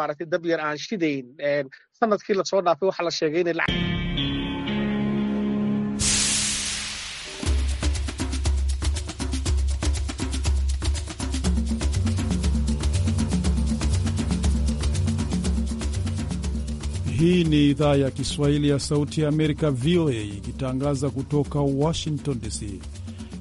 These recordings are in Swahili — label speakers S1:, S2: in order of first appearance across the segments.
S1: maaragtay dab yar aan shidayn sanadkii lasoo dhaafay waxaa la sheegay inay
S2: Hii ni idhaa ya Kiswahili ya Sauti ya Amerika, VOA, ikitangaza kutoka Washington DC.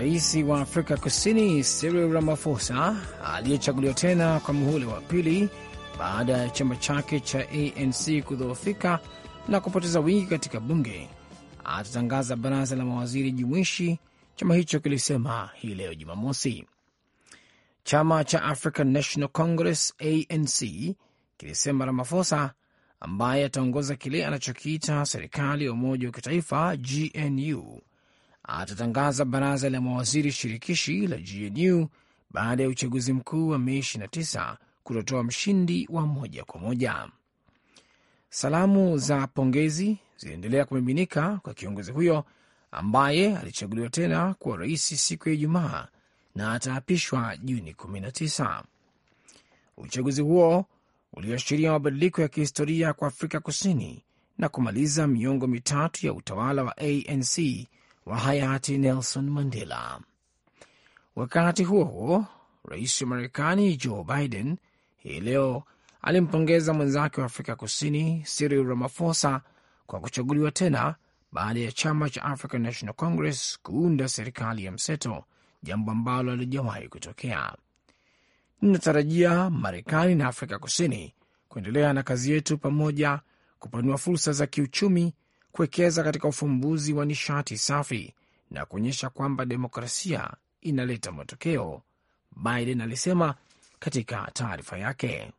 S3: Rais wa Afrika Kusini Cyril Ramaphosa aliyechaguliwa tena kwa muhula wa pili baada ya chama chake cha ANC kudhoofika na kupoteza wingi katika bunge atatangaza baraza la mawaziri jumuishi, chama hicho kilisema hii leo Jumamosi. Chama cha African National Congress ANC kilisema Ramaphosa ambaye ataongoza kile anachokiita serikali ya umoja wa kitaifa GNU atatangaza baraza la mawaziri shirikishi la GNU baada ya uchaguzi mkuu wa Mei 29 kutotoa mshindi wa moja kwa moja. Salamu za pongezi ziliendelea kumiminika kwa kiongozi huyo ambaye alichaguliwa tena kuwa rais siku ya Ijumaa na ataapishwa Juni 19. Uchaguzi huo ulioashiria mabadiliko ya kihistoria kwa Afrika Kusini na kumaliza miongo mitatu ya utawala wa ANC wa hayati Nelson Mandela. Wakati huo huo, rais wa Marekani Joe Biden hii leo alimpongeza mwenzake wa Afrika Kusini Cyril Ramaphosa kwa kuchaguliwa tena baada ya chama cha African National Congress kuunda serikali ya mseto, jambo ambalo halijawahi kutokea. Ninatarajia Marekani na Afrika Kusini kuendelea na kazi yetu pamoja, kupanua fursa za kiuchumi kuwekeza katika ufumbuzi wa nishati safi na kuonyesha kwamba demokrasia inaleta matokeo, Biden alisema katika taarifa yake.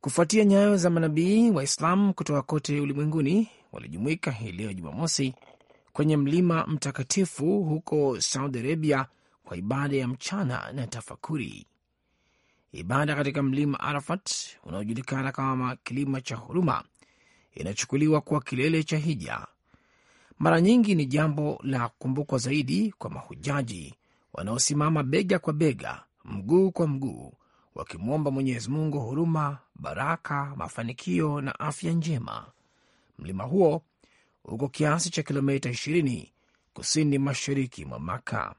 S3: Kufuatia nyayo za manabii Islam kutoka kote ulimwenguni walijumuika hii leo Jumamosi kwenye mlima mtakatifu huko Saudi Arabia kwa ibada ya mchana na tafakuri. Ibada katika mlima Arafat unaojulikana kama kilima cha huruma inachukuliwa kuwa kilele cha hija. Mara nyingi ni jambo la kukumbukwa zaidi kwa mahujaji wanaosimama bega kwa bega, mguu kwa mguu, wakimwomba Mwenyezi Mungu huruma, baraka, mafanikio na afya njema. Mlima huo uko kiasi cha kilomita 20 kusini mashariki mwa Maka.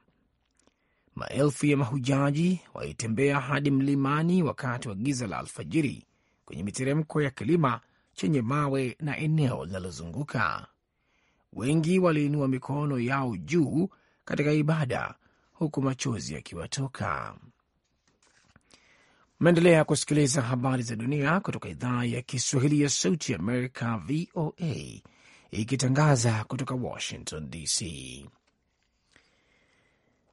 S3: Maelfu ya mahujaji walitembea hadi mlimani wakati wa giza la alfajiri kwenye miteremko ya kilima chenye mawe na eneo linalozunguka. Wengi waliinua mikono yao juu katika ibada huku machozi yakiwatoka. Mnaendelea kusikiliza habari za dunia kutoka idhaa ya Kiswahili ya Sauti ya Amerika, VOA, ikitangaza kutoka Washington DC.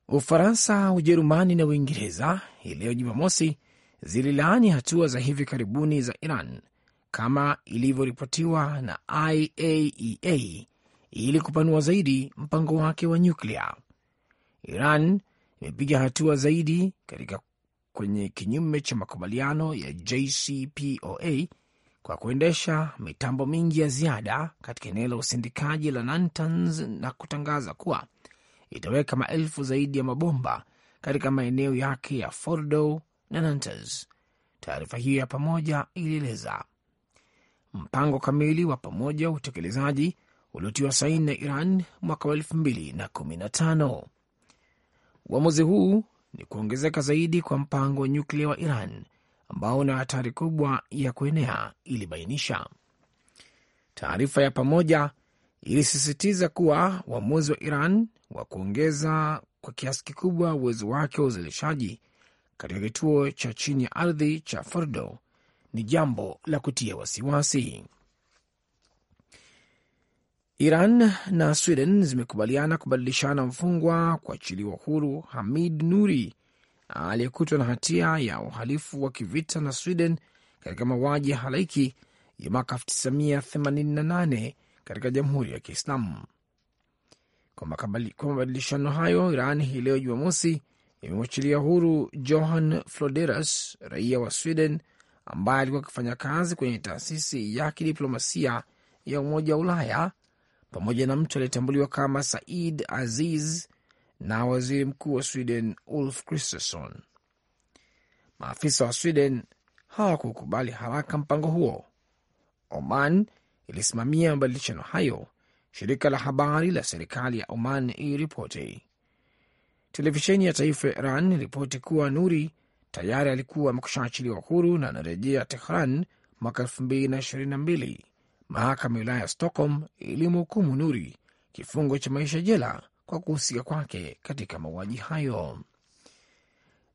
S3: Ufaransa, Ujerumani na Uingereza hii leo Jumamosi zililaani hatua za hivi karibuni za Iran kama ilivyoripotiwa na IAEA e ili kupanua zaidi mpango wake wa nyuklia. Iran imepiga hatua zaidi katika kwenye kinyume cha makubaliano ya JCPOA kwa kuendesha mitambo mingi ya ziada katika eneo la usindikaji la Natanz na kutangaza kuwa itaweka maelfu zaidi ya mabomba katika maeneo yake ya Fordo na Natanz. Taarifa hiyo ya pamoja ilieleza mpango kamili wa pamoja wa utekelezaji uliotiwa saini na Iran mwaka wa elfu mbili na kumi na tano. Uamuzi huu ni kuongezeka zaidi kwa mpango wa nyuklia wa Iran ambao una hatari kubwa ya kuenea, ilibainisha taarifa ya pamoja. Ilisisitiza kuwa uamuzi wa Iran wa kuongeza kwa kiasi kikubwa uwezo wake wa uzalishaji katika kituo cha chini ya ardhi cha Fordo ni jambo la kutia wasiwasi. Iran na Sweden zimekubaliana kubadilishana mfungwa kuachiliwa huru Hamid Nuri aliyekutwa na hatia ya uhalifu wa kivita na Sweden katika mauaji ya halaiki ya mwaka 1988 katika Jamhuri ya Kiislamu. Kwa mabadilishano hayo, Iran hii leo Jumamosi imemwachilia huru Johan Floderas, raia wa Sweden ambaye alikuwa akifanya kazi kwenye taasisi ya kidiplomasia ya Umoja wa Ulaya pamoja na mtu aliyetambuliwa kama Said Aziz na waziri mkuu wa Sweden Ulf Kristersson. Maafisa wa Sweden hawakukubali haraka mpango huo. Oman ilisimamia mabadilishano hayo, shirika la habari la serikali ya Oman iliripoti. Televisheni ya taifa ya Iran iliripoti kuwa Nuri tayari alikuwa amekushaachilia huru na anarejea Tehran mwaka 2022. Mahakama ya wilaya ya Stockholm ilimhukumu Nuri kifungo cha maisha jela kwa kuhusika kwake katika mauaji hayo.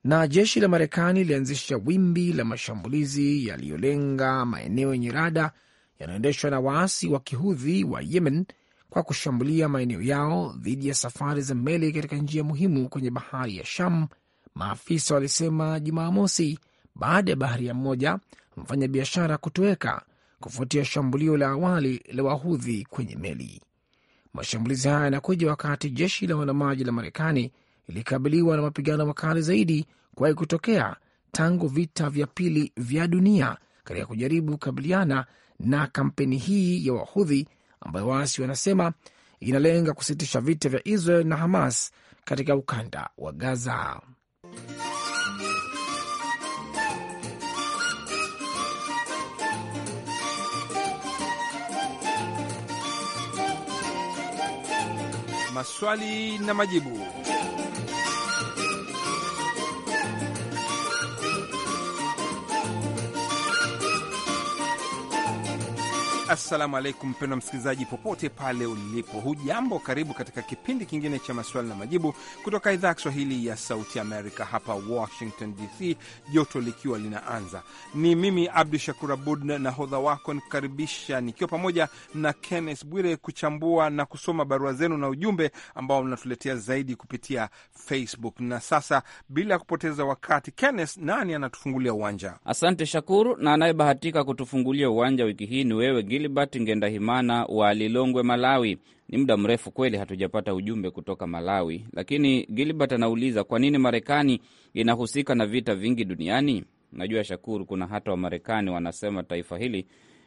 S3: Na jeshi la Marekani lilianzisha wimbi la mashambulizi yaliyolenga maeneo yenye rada yanayoendeshwa na waasi wa kihudhi wa Yemen kwa kushambulia maeneo yao dhidi ya safari za meli katika njia muhimu kwenye bahari ya Sham maafisa walisema Jumamosi baada ya baharia mmoja mfanyabiashara kutoweka kufuatia shambulio la awali la Wahudhi kwenye meli. Mashambulizi haya yanakuja wakati jeshi la wanamaji la Marekani ilikabiliwa na mapigano makali zaidi kuwahi kutokea tangu vita vya pili vya dunia katika kujaribu kukabiliana na kampeni hii ya Wahudhi ambayo waasi wanasema inalenga kusitisha vita vya Israel na Hamas katika ukanda wa Gaza.
S4: Maswali na majibu. Assalamu alaikum, mpendwa msikilizaji, popote pale ulipo, hujambo? Karibu katika kipindi kingine cha maswali na majibu kutoka idhaa ya Kiswahili ya Sauti Amerika hapa Washington DC, joto likiwa linaanza. Ni mimi Abdu Shakur Abud, nahodha wako nikukaribisha, nikiwa pamoja na Kenneth Bwire kuchambua na kusoma barua zenu na ujumbe ambao mnatuletea zaidi kupitia Facebook. Na sasa bila kupoteza wakati, Kenneth, nani anatufungulia uwanja?
S5: Asante Shakur, na anayebahatika kutufungulia uwanja wiki hii ni wewe Gilbert Ngendahimana wa Lilongwe, Malawi. Ni muda mrefu kweli hatujapata ujumbe kutoka Malawi, lakini Gilbert anauliza kwa nini Marekani inahusika na vita vingi duniani. Najua Shakuru, kuna hata Wamarekani wanasema taifa hili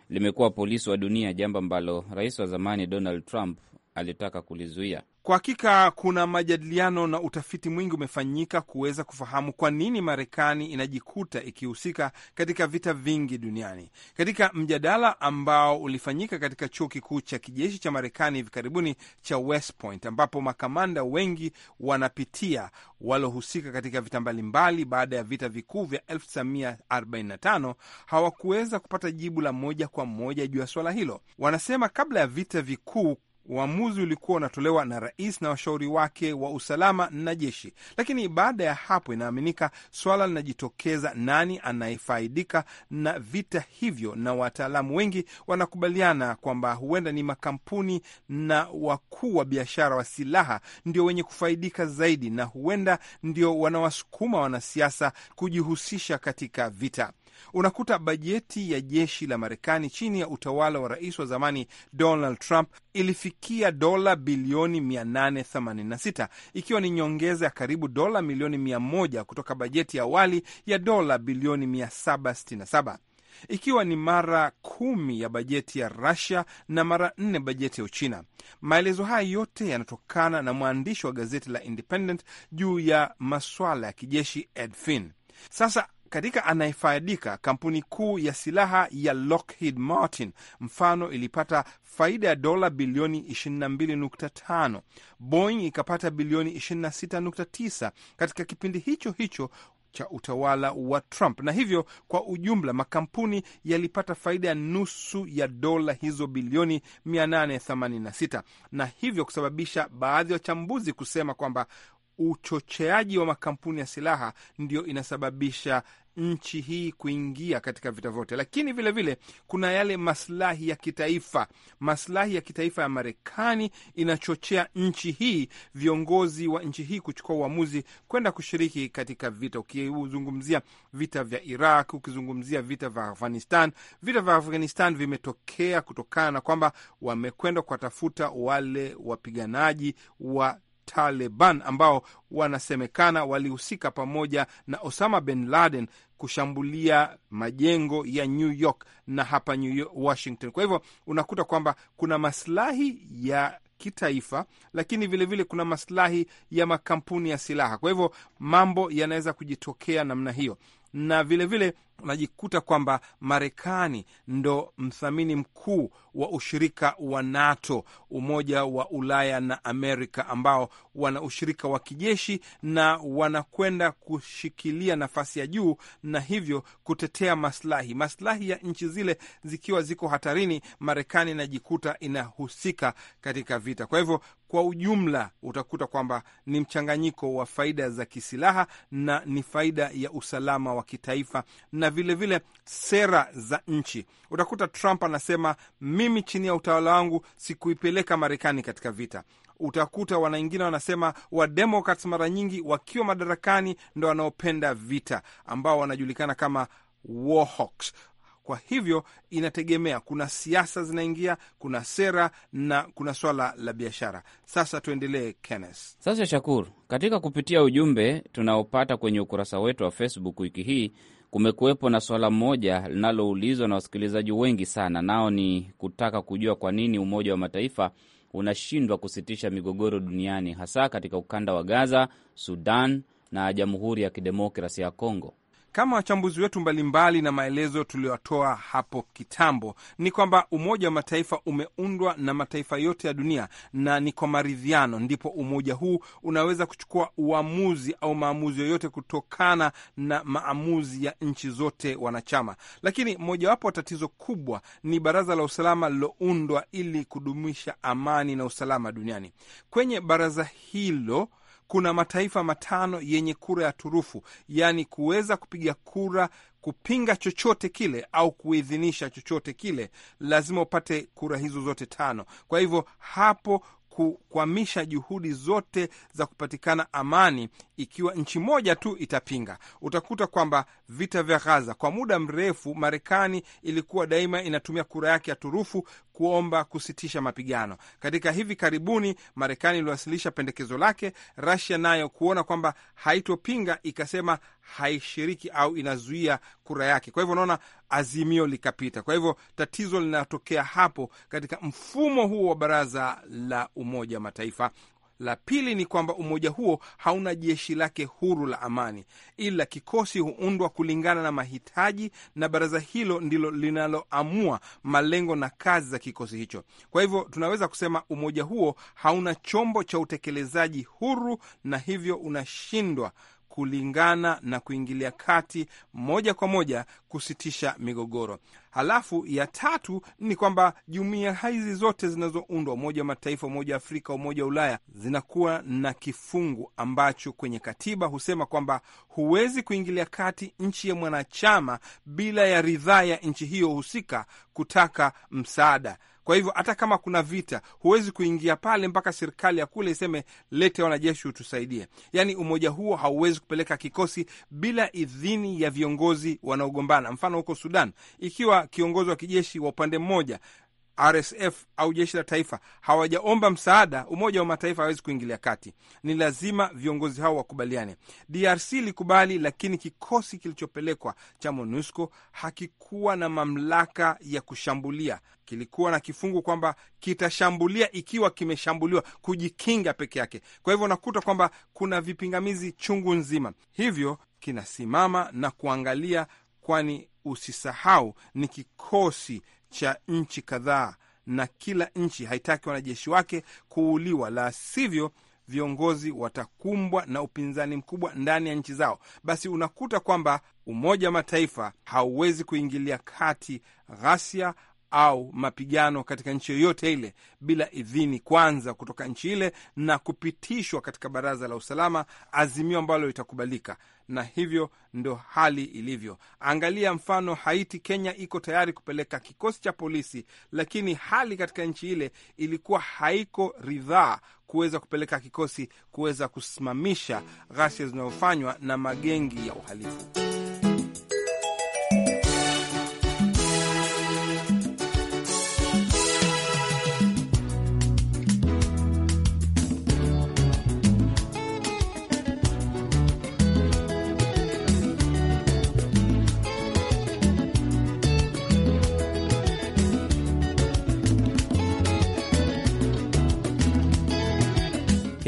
S5: limekuwa polisi wa dunia, jambo ambalo rais wa zamani Donald Trump alitaka kulizuia.
S4: Kwa hakika kuna majadiliano na utafiti mwingi umefanyika kuweza kufahamu kwa nini Marekani inajikuta ikihusika katika vita vingi duniani. Katika mjadala ambao ulifanyika katika chuo kikuu cha kijeshi cha Marekani hivi karibuni cha West Point, ambapo makamanda wengi wanapitia walohusika katika vita mbalimbali baada ya vita vikuu vya 1945 hawakuweza kupata jibu la moja kwa moja juu ya swala hilo. Wanasema kabla ya vita vikuu Uamuzi ulikuwa unatolewa na rais na washauri wake wa usalama na jeshi, lakini baada ya hapo inaaminika swala linajitokeza nani anayefaidika na vita hivyo, na wataalamu wengi wanakubaliana kwamba huenda ni makampuni na wakuu wa biashara wa silaha ndio wenye kufaidika zaidi, na huenda ndio wanawasukuma wanasiasa kujihusisha katika vita unakuta bajeti ya jeshi la Marekani chini ya utawala wa rais wa zamani Donald Trump ilifikia dola bilioni 886 ikiwa ni nyongeza ya karibu dola milioni 100 kutoka bajeti ya awali ya dola bilioni 767 ikiwa ni mara kumi ya bajeti ya rasia na mara nne bajeti ya Uchina. Maelezo haya yote yanatokana na mwandishi wa gazeti la Independent juu ya maswala ya kijeshi Ed Fin. Sasa katika anayefaidika kampuni kuu ya silaha ya Lockheed Martin mfano ilipata faida ya dola bilioni 22.5, Boeing ikapata bilioni 26.9 katika kipindi hicho hicho cha utawala wa Trump. Na hivyo kwa ujumla makampuni yalipata faida ya nusu ya dola hizo bilioni 886, na hivyo kusababisha baadhi ya wachambuzi kusema kwamba uchocheaji wa makampuni ya silaha ndiyo inasababisha nchi hii kuingia katika vita vyote, lakini vilevile vile, kuna yale maslahi ya kitaifa. Maslahi ya kitaifa ya Marekani inachochea nchi hii, viongozi wa nchi hii kuchukua uamuzi kwenda kushiriki katika vita. Ukizungumzia vita vya Iraq, ukizungumzia vita vya Afghanistan, vita vya Afghanistan vimetokea kutokana na kwamba wamekwenda kuwatafuta wale wapiganaji wa Taliban ambao wanasemekana walihusika pamoja na Osama bin Laden kushambulia majengo ya New York na hapa New York, Washington. Kwa hivyo unakuta kwamba kuna maslahi ya kitaifa lakini vilevile vile kuna maslahi ya makampuni ya silaha. Kwa hivyo mambo yanaweza kujitokea namna hiyo, na vilevile vile, unajikuta kwamba Marekani ndo mthamini mkuu wa ushirika wa NATO, Umoja wa Ulaya na Amerika, ambao wana ushirika wa kijeshi na wanakwenda kushikilia nafasi ya juu na hivyo kutetea maslahi maslahi ya nchi zile zikiwa ziko hatarini. Marekani inajikuta inahusika katika vita. Kwa hivyo, kwa ujumla utakuta kwamba ni mchanganyiko wa faida za kisilaha na ni faida ya usalama wa kitaifa na na vilevile vile sera za nchi. Utakuta Trump anasema mimi chini ya utawala wangu sikuipeleka Marekani katika vita. Utakuta wanaingine wanasema Wademokrats mara nyingi wakiwa madarakani ndo wanaopenda vita, ambao wanajulikana kama warhawks. Kwa hivyo inategemea, kuna siasa zinaingia, kuna sera na kuna swala la biashara. Sasa tuendelee, Kenneth.
S5: Sasa Shakur, katika kupitia ujumbe tunaopata kwenye ukurasa wetu wa Facebook wiki hii kumekuwepo na swala moja linaloulizwa na wasikilizaji wengi sana, nao ni kutaka kujua kwa nini Umoja wa Mataifa unashindwa kusitisha migogoro duniani hasa katika ukanda wa Gaza, Sudan na Jamhuri ya Kidemokrasi ya Kongo.
S4: Kama wachambuzi wetu mbalimbali na maelezo tuliyotoa hapo kitambo, ni kwamba Umoja wa Mataifa umeundwa na mataifa yote ya dunia na ni kwa maridhiano, ndipo umoja huu unaweza kuchukua uamuzi au maamuzi yoyote kutokana na maamuzi ya nchi zote wanachama. Lakini mojawapo wa tatizo kubwa ni Baraza la Usalama lililoundwa ili kudumisha amani na usalama duniani. Kwenye baraza hilo kuna mataifa matano yenye kura ya turufu, yaani kuweza kupiga kura kupinga chochote kile au kuidhinisha chochote kile, lazima upate kura hizo zote tano. Kwa hivyo hapo kukwamisha juhudi zote za kupatikana amani ikiwa nchi moja tu itapinga. Utakuta kwamba vita vya Gaza kwa muda mrefu, Marekani ilikuwa daima inatumia kura yake ya turufu kuomba kusitisha mapigano. Katika hivi karibuni, Marekani iliwasilisha pendekezo lake, rasia nayo kuona kwamba haitopinga, ikasema haishiriki au inazuia kura yake. Kwa hivyo unaona, azimio likapita. Kwa hivyo tatizo linatokea hapo katika mfumo huo wa baraza la Umoja wa Mataifa. La pili ni kwamba umoja huo hauna jeshi lake huru la amani, ila kikosi huundwa kulingana na mahitaji, na baraza hilo ndilo linaloamua malengo na kazi za kikosi hicho. Kwa hivyo tunaweza kusema umoja huo hauna chombo cha utekelezaji huru, na hivyo unashindwa kulingana na kuingilia kati moja kwa moja kusitisha migogoro. Halafu ya tatu ni kwamba jumuiya hizi zote zinazoundwa, Umoja wa Mataifa, Umoja wa Afrika, Umoja wa Ulaya, zinakuwa na kifungu ambacho kwenye katiba husema kwamba huwezi kuingilia kati nchi ya mwanachama bila ya ridhaa ya nchi hiyo husika kutaka msaada kwa hivyo hata kama kuna vita, huwezi kuingia pale mpaka serikali ya kule iseme lete wanajeshi utusaidie. Yaani umoja huo hauwezi kupeleka kikosi bila idhini ya viongozi wanaogombana. Mfano huko Sudan, ikiwa kiongozi wa kijeshi wa upande mmoja RSF au jeshi la taifa hawajaomba msaada, Umoja wa Mataifa hawezi kuingilia kati. Ni lazima viongozi hao wakubaliane. DRC ilikubali, lakini kikosi kilichopelekwa cha MONUSCO hakikuwa na mamlaka ya kushambulia. Kilikuwa na kifungu kwamba kitashambulia ikiwa kimeshambuliwa, kujikinga peke yake. Kwa hivyo unakuta kwamba kuna vipingamizi chungu nzima, hivyo kinasimama na kuangalia, kwani usisahau ni kikosi cha nchi kadhaa, na kila nchi haitaki wanajeshi wake kuuliwa, la sivyo viongozi watakumbwa na upinzani mkubwa ndani ya nchi zao. Basi unakuta kwamba Umoja wa Mataifa hauwezi kuingilia kati ghasia au mapigano katika nchi yoyote ile bila idhini kwanza kutoka nchi ile na kupitishwa katika Baraza la Usalama, azimio ambalo litakubalika. Na hivyo ndo hali ilivyo. Angalia mfano Haiti. Kenya iko tayari kupeleka kikosi cha polisi, lakini hali katika nchi ile ilikuwa haiko ridhaa kuweza kupeleka kikosi kuweza kusimamisha ghasia zinazofanywa na magengi ya uhalifu.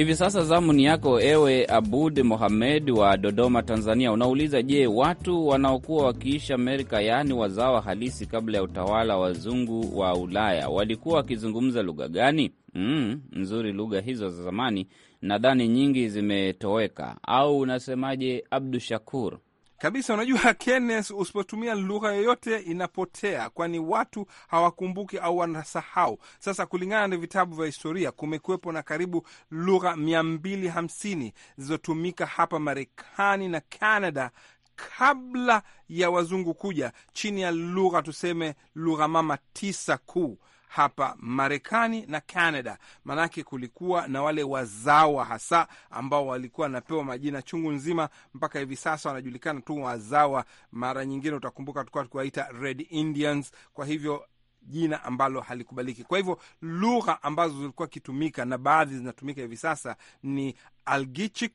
S5: Hivi sasa zamu ni yako ewe Abud Mohamed wa Dodoma, Tanzania. Unauliza, je, watu wanaokuwa wakiishi Amerika, yaani wazawa halisi kabla ya utawala wa wazungu wa Ulaya, walikuwa wakizungumza lugha gani? Mm, nzuri lugha hizo za zamani, nadhani nyingi zimetoweka, au
S4: unasemaje, Abdu Shakur? kabisa. Unajua Kenneth, usipotumia lugha yoyote inapotea, kwani watu hawakumbuki au wanasahau. Sasa kulingana na vitabu vya historia, kumekuwepo na karibu lugha mia mbili hamsini zilizotumika hapa Marekani na Canada kabla ya wazungu kuja, chini ya lugha tuseme lugha mama tisa kuu hapa Marekani na Canada, maanake kulikuwa na wale wazawa hasa ambao walikuwa wanapewa majina chungu nzima, mpaka hivi sasa wanajulikana tu wazawa. Mara nyingine utakumbuka tukuwa tukiwaita Red Indians, kwa hivyo jina ambalo halikubaliki. Kwa hivyo lugha ambazo zilikuwa kitumika na baadhi zinatumika hivi sasa ni Algichik,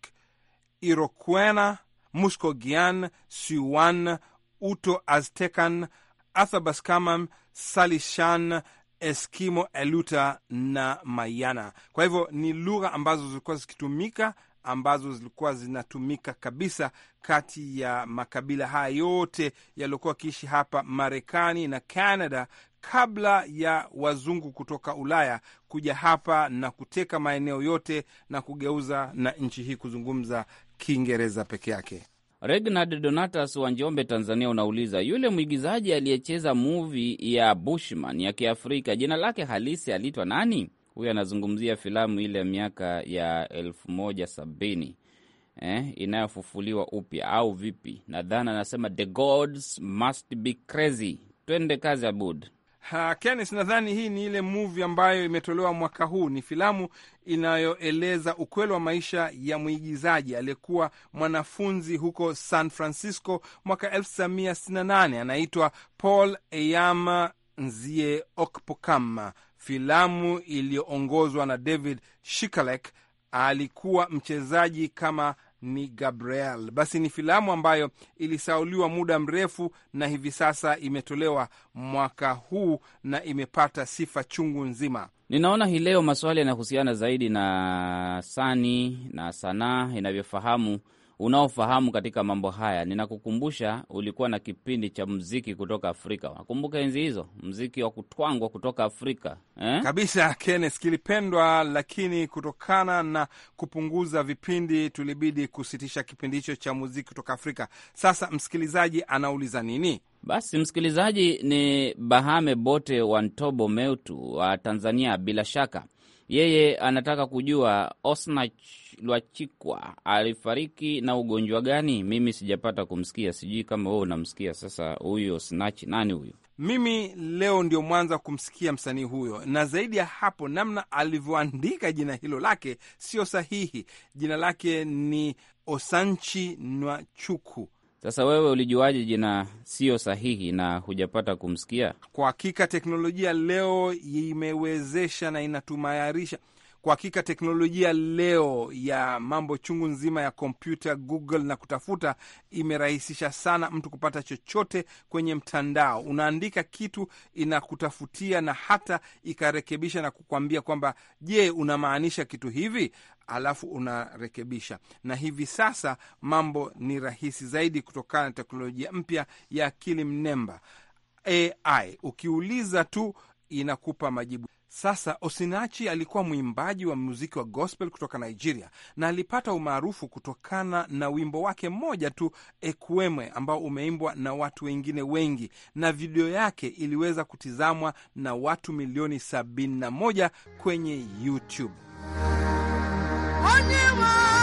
S4: Iroquena, Muskogean, Siwan, Uto Aztecan, Athabaskamam, Salishan Eskimo, Eluta na Mayana. Kwa hivyo ni lugha ambazo zilikuwa zikitumika ambazo zilikuwa zinatumika kabisa kati ya makabila haya yote yaliyokuwa wakiishi hapa Marekani na Canada kabla ya wazungu kutoka Ulaya kuja hapa na kuteka maeneo yote na kugeuza na nchi hii kuzungumza Kiingereza peke yake.
S5: Regnard Donatas wa Njombe, Tanzania, unauliza yule mwigizaji aliyecheza muvi ya Bushman ya Kiafrika, jina lake halisi aliitwa nani? Huyo anazungumzia filamu ile miaka ya elfu moja sabini eh, inayofufuliwa upya au vipi? Nadhani anasema the gods must be crazy.
S4: Twende kazi, Abud. Ha, Kenneth, nadhani hii ni ile movie ambayo imetolewa mwaka huu. Ni filamu inayoeleza ukweli wa maisha ya mwigizaji aliyekuwa mwanafunzi huko San Francisco mwaka 1968 anaitwa Paul Eyama Nzie Okpokama. Filamu iliyoongozwa na David Shikalek alikuwa mchezaji kama ni Gabriel. Basi ni filamu ambayo ilisauliwa muda mrefu na hivi sasa imetolewa mwaka huu na imepata sifa chungu nzima.
S5: Ninaona hii leo maswali yanahusiana zaidi na sani na sanaa inavyofahamu unaofahamu katika mambo haya. Ninakukumbusha, ulikuwa na kipindi cha mziki kutoka Afrika. Nakumbuka enzi hizo mziki wa kutwangwa kutoka Afrika eh?
S4: Kabisa Kenneth, kilipendwa, lakini kutokana na kupunguza vipindi tulibidi kusitisha kipindi hicho cha muziki kutoka Afrika. Sasa msikilizaji anauliza nini? Basi
S5: msikilizaji ni Bahame Bote wa Ntobo Meutu wa Tanzania, bila shaka yeye anataka kujua Osnach Lwachikwa alifariki na ugonjwa gani? Mimi sijapata kumsikia, sijui kama wewe unamsikia. Sasa huyo Osnach nani huyo?
S4: Mimi leo ndio mwanza wa kumsikia msanii huyo, na zaidi ya hapo, namna alivyoandika jina hilo lake sio sahihi. Jina lake ni Osanchi Nwachuku.
S5: Sasa wewe ulijuaje jina sio sahihi na hujapata kumsikia?
S4: Kwa hakika teknolojia leo imewezesha na inatumayarisha kwa hakika teknolojia leo ya mambo chungu nzima ya kompyuta Google na kutafuta imerahisisha sana mtu kupata chochote kwenye mtandao. Unaandika kitu inakutafutia, na hata ikarekebisha na kukwambia kwamba je, unamaanisha kitu hivi alafu unarekebisha. Na hivi sasa mambo ni rahisi zaidi kutokana na teknolojia mpya ya akili mnemba AI. Ukiuliza tu inakupa majibu. Sasa Osinachi alikuwa mwimbaji wa muziki wa gospel kutoka Nigeria na alipata umaarufu kutokana na wimbo wake mmoja tu Ekwemwe, ambao umeimbwa na watu wengine wengi, na video yake iliweza kutizamwa na watu milioni 71 kwenye YouTube.
S6: Lord, you are.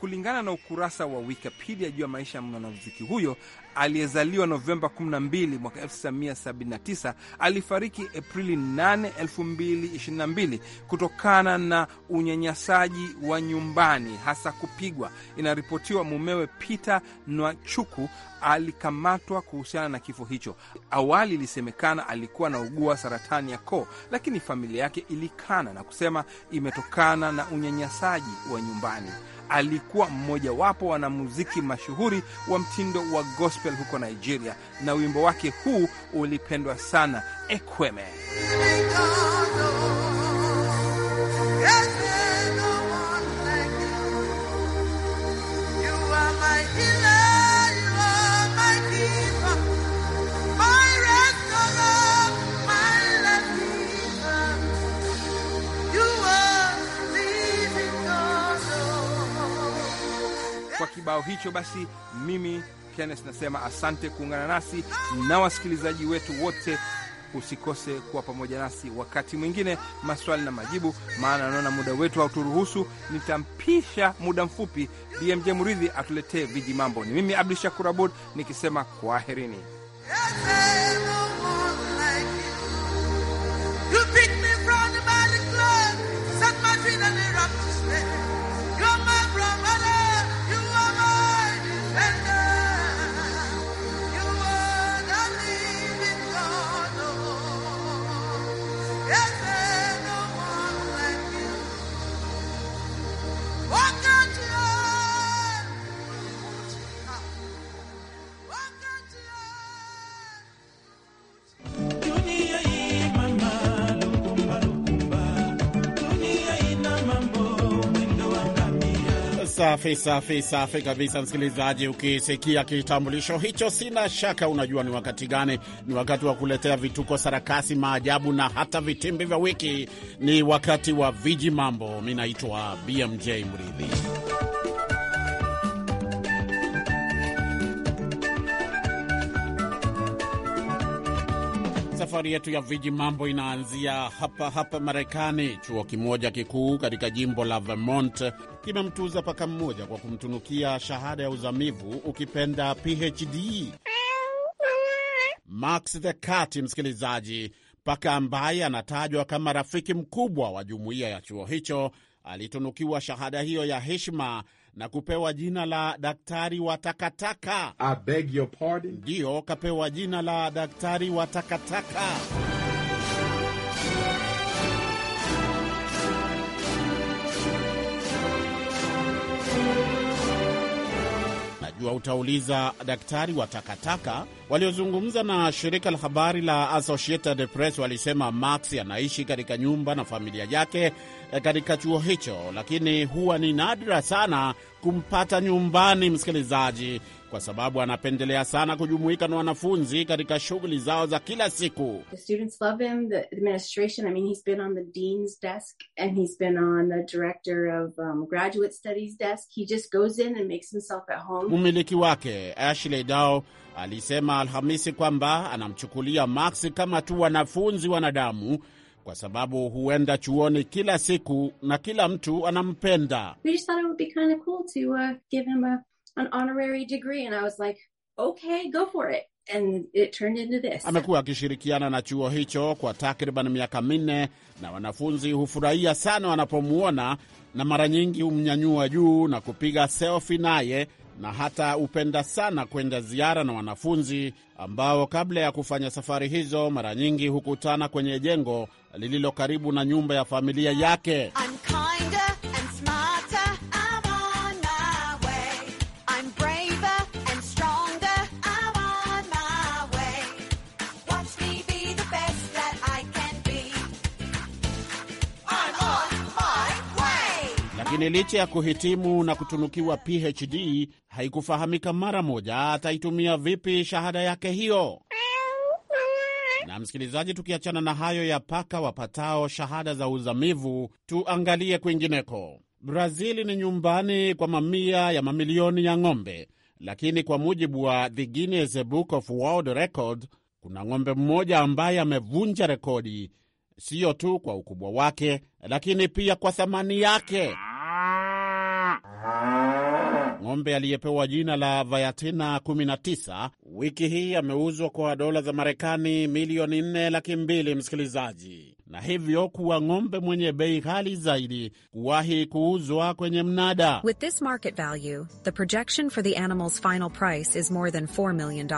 S4: kulingana na ukurasa wa Wikipedia juu ya maisha ya mwanamuziki huyo aliyezaliwa Novemba 12 mwaka 1979 alifariki Aprili 8, 2022 kutokana na unyanyasaji wa nyumbani, hasa kupigwa. Inaripotiwa mumewe Peter Nwachuku alikamatwa kuhusiana na kifo hicho. Awali ilisemekana alikuwa anaugua saratani ya koo, lakini familia yake ilikana na kusema imetokana na unyanyasaji wa nyumbani alikuwa mmojawapo wanamuziki mashuhuri wa mtindo wa gospel huko Nigeria, na wimbo wake huu ulipendwa sana, Ekweme. kibao hicho, basi mimi Kenneth nasema asante kuungana nasi na wasikilizaji wetu wote. Usikose kuwa pamoja nasi wakati mwingine, maswali na majibu, maana naona muda wetu hauturuhusu. Nitampisha muda mfupi BMJ Muridhi atuletee viji mambo. Ni mimi Abdu Shakur Abud nikisema kwaherini.
S1: Safi safi safi kabisa, msikilizaji. Ukisikia kitambulisho hicho, sina shaka unajua ni wakati gani. Ni wakati wa kuletea vituko, sarakasi, maajabu na hata vitimbi vya wiki. Ni wakati wa viji mambo. Mi naitwa BMJ Mridhi. Safari yetu ya viji mambo inaanzia hapa hapa Marekani. Chuo kimoja kikuu katika jimbo la Vermont kimemtuza paka mmoja kwa kumtunukia shahada ya uzamivu, ukipenda PhD. Max the Cat, msikilizaji, paka ambaye anatajwa kama rafiki mkubwa wa jumuiya ya chuo hicho, alitunukiwa shahada hiyo ya heshima na kupewa jina la daktari wa takataka. I beg your pardon? Ndiyo, kapewa jina la daktari wa takataka. Najua utauliza daktari wa takataka Waliozungumza na shirika la habari la Associated Press walisema Max anaishi katika nyumba na familia yake eh, katika chuo hicho, lakini huwa ni nadra sana kumpata nyumbani, msikilizaji, kwa sababu anapendelea sana kujumuika na wanafunzi katika shughuli zao za kila siku. Mmiliki um, wake Ashley Dao alisema Alhamisi kwamba anamchukulia Max kama tu wanafunzi wanadamu kwa sababu huenda chuoni kila siku na kila mtu anampenda. Amekuwa akishirikiana na chuo hicho kwa takriban miaka minne, na wanafunzi hufurahia sana wanapomwona na mara nyingi humnyanyua juu na kupiga selfie naye na hata hupenda sana kwenda ziara na wanafunzi ambao kabla ya kufanya safari hizo mara nyingi hukutana kwenye jengo lililo karibu na nyumba ya familia yake. I'm kind lakini licha ya kuhitimu na kutunukiwa PhD haikufahamika mara moja ataitumia vipi shahada yake hiyo. Na msikilizaji, tukiachana na hayo ya paka wapatao shahada za uzamivu, tuangalie kwingineko. Brazili ni nyumbani kwa mamia ya mamilioni ya ng'ombe, lakini kwa mujibu wa The Guinness Book of World Record kuna ng'ombe mmoja ambaye amevunja rekodi, siyo tu kwa ukubwa wake, lakini pia kwa thamani yake. Ng'ombe aliyepewa jina la Vayatina 19 wiki hii ameuzwa kwa dola za Marekani milioni 4 laki mbili, msikilizaji, na hivyo kuwa ng'ombe mwenye bei ghali zaidi kuwahi kuuzwa kwenye mnada. With this market value, the projection for the animal's final price is more than $4 million.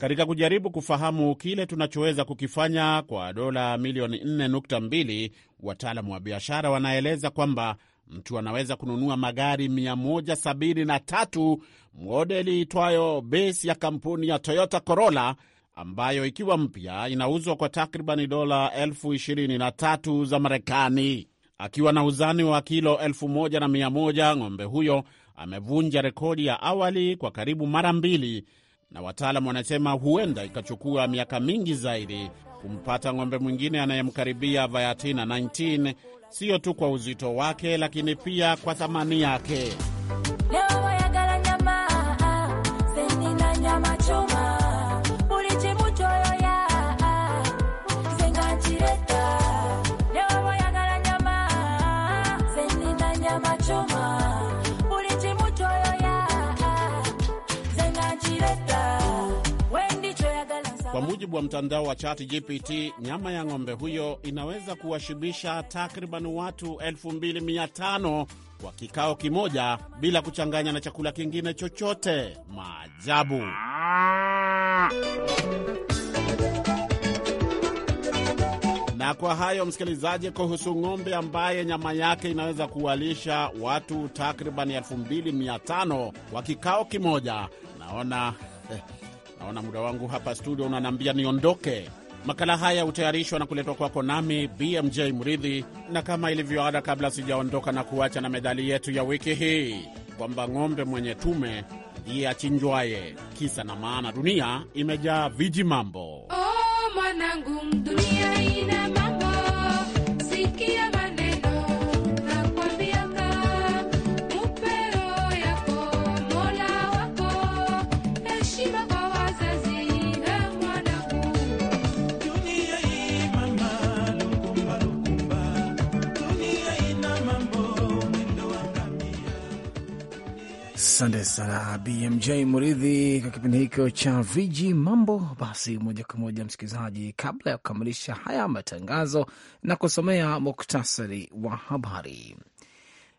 S1: Katika kujaribu kufahamu kile tunachoweza kukifanya kwa dola milioni 4.2, wataalamu wa biashara wanaeleza kwamba mtu anaweza kununua magari 173 modeli itwayo besi ya kampuni ya Toyota Corolla ambayo ikiwa mpya inauzwa kwa takribani dola elfu ishirini na tatu za Marekani. Akiwa na uzani wa kilo elfu moja na mia moja, ng'ombe huyo amevunja rekodi ya awali kwa karibu mara mbili, na wataalamu wanasema huenda ikachukua miaka mingi zaidi kumpata ng'ombe mwingine anayemkaribia Vayatina 19 sio tu kwa uzito wake, lakini pia kwa thamani yake. mujibu wa mtandao wa GPT, nyama ya ng'ombe huyo inaweza kuwashibisha takriban watu 2500 kwa kikao kimoja bila kuchanganya na chakula kingine chochote. Maajabu! Na kwa hayo msikilizaji, kuhusu ng'ombe ambaye nyama yake inaweza kuwalisha watu takriban 2500 kwa kikao kimoja, naona Naona muda wangu hapa studio unaniambia niondoke. Makala haya hutayarishwa na kuletwa kwako nami BMJ Mridhi, na kama ilivyoada, kabla sijaondoka na kuacha na medali yetu ya wiki hii kwamba ng'ombe mwenye tume ndiye achinjwaye. Kisa na maana, dunia imejaa viji mambo.
S6: Oh, mwanangu, dunia ina mambo.
S3: Asante sana BMJ Muridhi kwa kipindi hicho cha viji mambo. Basi moja kwa moja, msikilizaji, kabla ya kukamilisha haya matangazo na kusomea muktasari wa habari,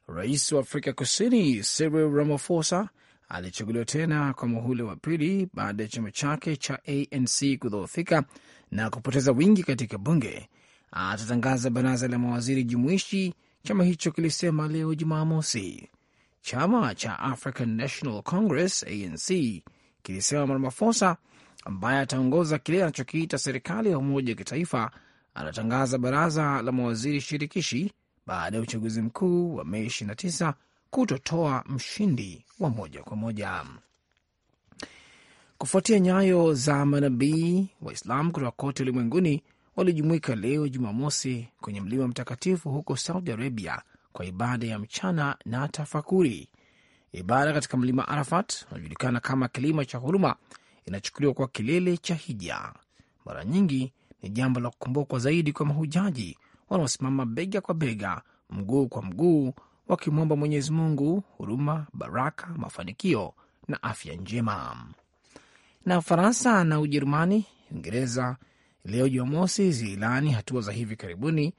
S3: rais wa Afrika Kusini Cyril Ramaphosa alichaguliwa tena kwa muhula wa pili baada ya chama chake cha ANC kudhoofika na kupoteza wingi katika bunge. Atatangaza baraza la mawaziri jumuishi, chama hicho kilisema leo Jumamosi. Chama cha African National Congress ANC kilisema Ramaphosa ambaye ataongoza kile anachokiita serikali ya umoja wa kitaifa anatangaza baraza la mawaziri shirikishi baada ya uchaguzi mkuu wa Mei 29 kutotoa mshindi wa moja kwa moja. Kufuatia nyayo za manabii, waislam kutoka kote ulimwenguni walijumuika leo Jumamosi kwenye mlima mtakatifu huko Saudi Arabia kwa ibada ya mchana na tafakuri. Ibada katika mlima Arafat unajulikana kama kilima cha huruma, inachukuliwa kwa kilele cha hija. Mara nyingi ni jambo la kukumbukwa zaidi kwa mahujaji wanaosimama bega kwa bega, mguu kwa mguu, wakimwomba Mwenyezi Mungu huruma, baraka, mafanikio na afya njema. Na Ufaransa na Ujerumani, Uingereza leo Jumamosi zililaani hatua za hivi karibuni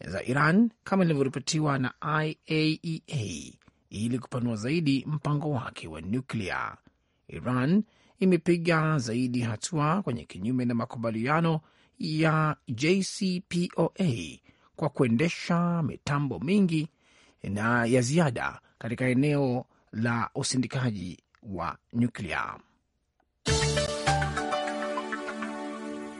S3: za Iran kama ilivyoripotiwa na IAEA e ili kupanua zaidi mpango wake wa nyuklia. Iran imepiga zaidi hatua kwenye kinyume na makubaliano ya JCPOA kwa kuendesha mitambo mingi na ya ziada katika eneo la usindikaji wa nyuklia.